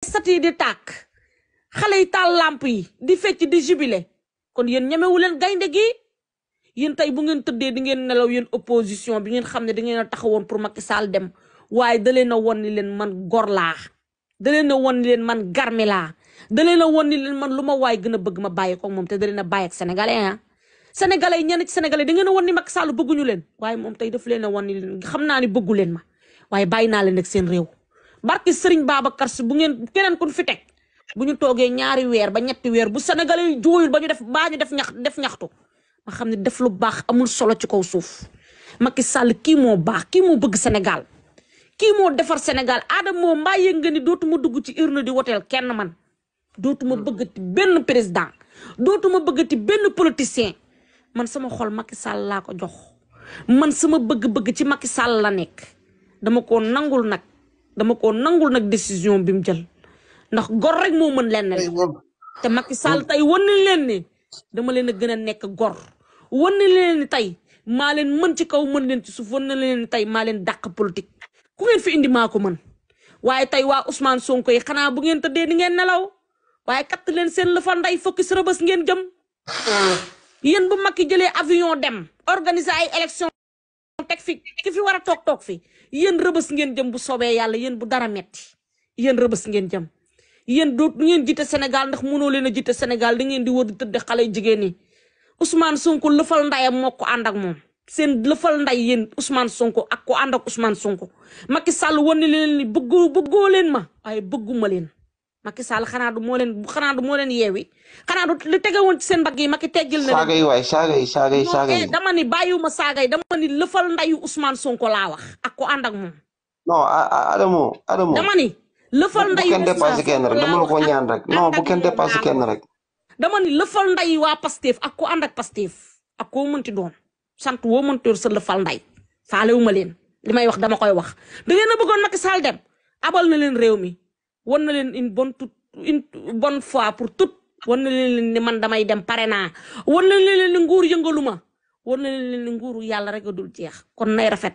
sat yi di tàkk xale yi taal làmp yi di fecc di jubile kon yéen ñemewu leen gaynde gi yéen tey bu ngeen tëddee di ngeen nelaw yéen opposition bi ngeen xam ne da ngeen a taxawoon pour Macky Sall dem waaye da leen a ni leen man gor laa da leen a won leen man garmi laa da leen a won leen man lu ma waay gën a bëgg ma bàyyi ko moom te da leen a bàyyi ak sénégalais ah sénégalais yi ngeen won ni Macky Sall bëgguñu leen waaye moom tey daf leena a ni leen xam naa ni bëggu leen ma waaye bàyyi naa leen ak seen réew barki Serigne baaba Sy bu ngeen keneen kun fi teg bu ñu toogee ñaari weer ba ñetti weer bu sénégalais yi jooyul ba ñu def baa ñu def ñax def ñaxtu ma xam ne def lu baax amul solo ci kaw suuf Macky Sall kii moo baax kii moo bëgg Sénégal kii moo defar Sénégal Adama moom mbaa yëg nga ni dootuma dugg ci urne di woteel kenn man dootuma hmm. bëggati benn président dootuma bëgg ti benn politicien man sama xol Macky Sall laa ko jox man sama bëgg-bëgg ci Macky Sall la nekk dama ko nangul nag dama ko nangul nag décision bi mu jël ndax gor rek moo mën lenn te Macky Sall tey wan nañ leen ni dama leen a gën a nekk gor wan nañ leen ni tey maa leen mën ci kaw mën leen ci suuf wan nañ leen tey maa leen dàq politique ku ngeen fi indi maa ko mën waaye tey waa Ousmane Sonko yi xanaa bu ngeen dee ni ngeen nelaw waaye katt leen seen lëfa nday fokki sa rëbës ngeen jëm ah. yéen bu Macky jëlee avion dem organiser ay élection fi ki fi war a toog toog fi yéen rëbës ngeen jëm bu soobee yàlla yéen bu dara metti yéen rëbës ngeen jëm yéen du ngeen jiite senegal ndax mënoo leen a jiite senegal da ngeen di wër di tëdd xale jigéen ñi Ousmane Sonko lëfal ndayam moo ko ànd seen lëfal nday yéen Ousmane Sonko ak ko ànd ak Ousmane Sonko Macky Sall wan leen ni bëggoo leen ma waaye bëgguma leen. Macky Sall xanaa du moo leen xanaa moo leen yeewi xanaa du li tegewoon ci seen mbagg yi Macky teggil na saaga yi waay saaga yi saaga yi saaga yi eh, dama ni bàyyiwuma saaga yi dama ni lëfal ndayu Ousmane Sonko laa wax ak ko ànd ak moom non Adamo Adamo dama ni lëfal ndayu bu kenn dépassé ko ñaan rek non bu kenn rek dama ni lëfal waa Pastef ak ko ànd ak Pastef ak koo mënti doon sant woo mënti sa lëfal nday faalewu ma leen li wax dama koy wax da ngeen a bëggoon dem abal na leen réew mi wan na leen une bon toute une bonne fois pour tout wan na leen ni man damay dem pare naa wan na leen ni yëngalu ma wan na leen ni nguur yàlla rek a dul jeex kon nay rafet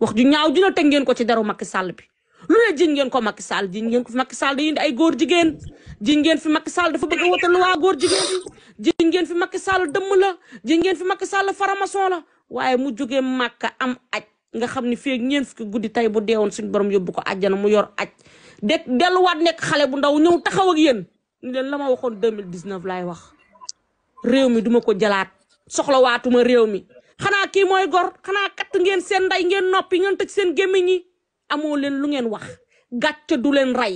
wax ju ñaaw ju na teg ngeen ko ci deru Macky Sall bi lu ne jiñ ngeen ko Macky Sall jiñ ngeen ko fi Macky Sall day indi ay góor jigéen jiñ ngeen fi Macky Sall dafa bëgg a wotal góor jigéen bi ngeen fi Macky Sall dëmm la jiñ ngeen fi Macky Sall faramason la waaye mu jógee Màkka am aj nga xam ni fii ngeen ñeent fukki guddi tey bu deewoon suñu borom yóbbu ko àjjana mu yor aj de delluwaat nekk xale bu ndaw ñëw taxaw ak yéen ni leen la ma waxoon 2019 laay wax réew mi duma ko jalaat soxlawaatuma réew mi xanaa kii mooy gor xanaa katt ngeen seen nday ngeen noppi ngan tëj seen gémmiñ ñi amoo leen lu ngeen wax gàcce du leen rey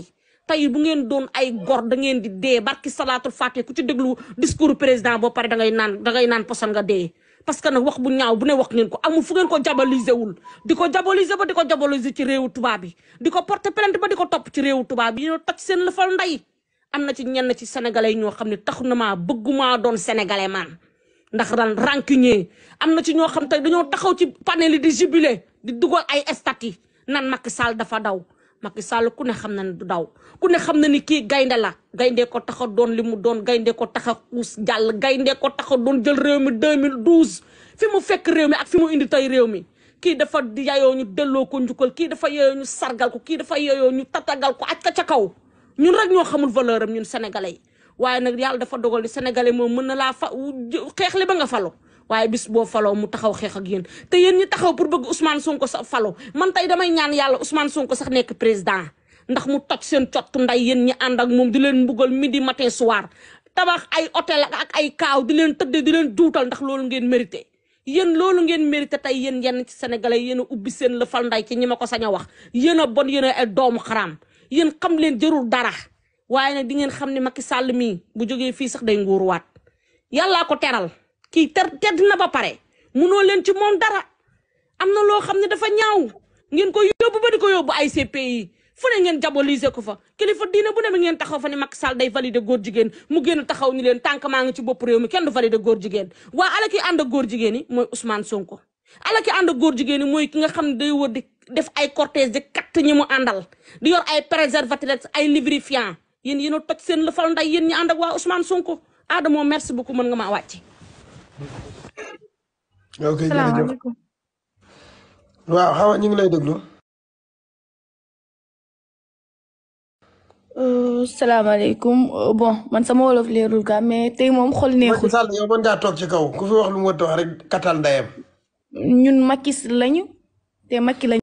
tey bu ngeen doon ay gor da ngeen di dee barki salaatul fàtte ku ci déglu discours président boo pare da ngay naan da ngay naan posan nga dee parce que nag wax bu ñaaw bu ne wax ngeen ko amul fu ngeen ko jaboliser wul di ko jaboliser ba di ko jaboliser ci réewu tubaab bi di ko porter plainte ba di ko topp ci réewu tubaab yi ñoo toj seen lëfal ndey am na ci ñenn ci sénégalais yi ñoo xam ne taxu na maa bëggumaa doon sénégalais man ndax ran rancunier am na ci ñoo xam tey dañoo taxaw ci panel yi di jubilé di dugal ay stati nan Macky Sall dafa daw Macky Sall ku ne xam na ne du daw ku ne xam na ni kii gaynde la gaynde ko tax doon li mu doon gaynde ko tax a xuus jàll gaynde ko taxa a doon jël réew mi mille 2012 fi mu fekk réew mi ak fi mu indi tey réew mi kii dafa yayoo ñu delloo ko njukkal kii dafa yayoo ñu sargal ko kii dafa yayoo ñu tatagal ko aj ka ca kaw ñun rek ñoo xamul valeur am ñun sénégalais waaye nag yàlla dafa dogal ni sénégalais moom mën na laa fa xeexle ba nga falo waaye bis boo faloo mu taxaw xeex ak yéen te yéen ñi taxaw pour bëgg Ousmane Sonko sax falo man tey damay ñaan yàlla Ousmane Sonko sax nekk président ndax mu toj seen cottu nday yéen ñi ànd ak moom di leen mbugal midi matin soir tabax ay hôtel ak ay kaaw di leen tëddee di leen duutal ndax loolu ngeen mérité. yéen loolu ngeen mérité tey yéen yenn ci sénégalais yéen ubbi seen la fal nday ci ñi ma ko sañ a wax yéen a bon yéen a ay doomu xaraam yéen xam leen jërul dara waaye di ngeen xam ne Macky Sall mii bu jógee fii sax day nguuruwaat yàllaa ko teral kii ter tedd na ba pare munoo leen ci moom dara am na loo xam ne dafa ñaaw ngeen ko yóbbu ba di ko yóbbu ay CPI fu ne ngeen jaboliser ko fa kilifa diine bu ne mi ngeen taxaw fa ne Macky Sall day valider góor jigéen mu génn taxaw ni leen tànk maa ngi ci bopp réew mi kenn du valider góor jigéen waa ala ki ànd ak góor jigéen mooy Ousmane Sonko ala ki ànd ak góor jigéen yi mooy ki nga xam ne day wër di def ay cortège di katt ñi mu àndal di yor ay préservatifs ay lubrifiant yéen yéen a toj seen lëfal nday yéen ñi ànd waa Ousmane Sonko Adamo merci beaucoup mën nga maa wàcce ok jërëjëf lay déglu. Euh, salaamaaleykum euh, bon man sama wolof leerul gaa mais tey moom xol neexul. Sall yow mën ngaa kaw ku fi wax lu mu rek katal ndayam. ñun makis lañu te makki lañu.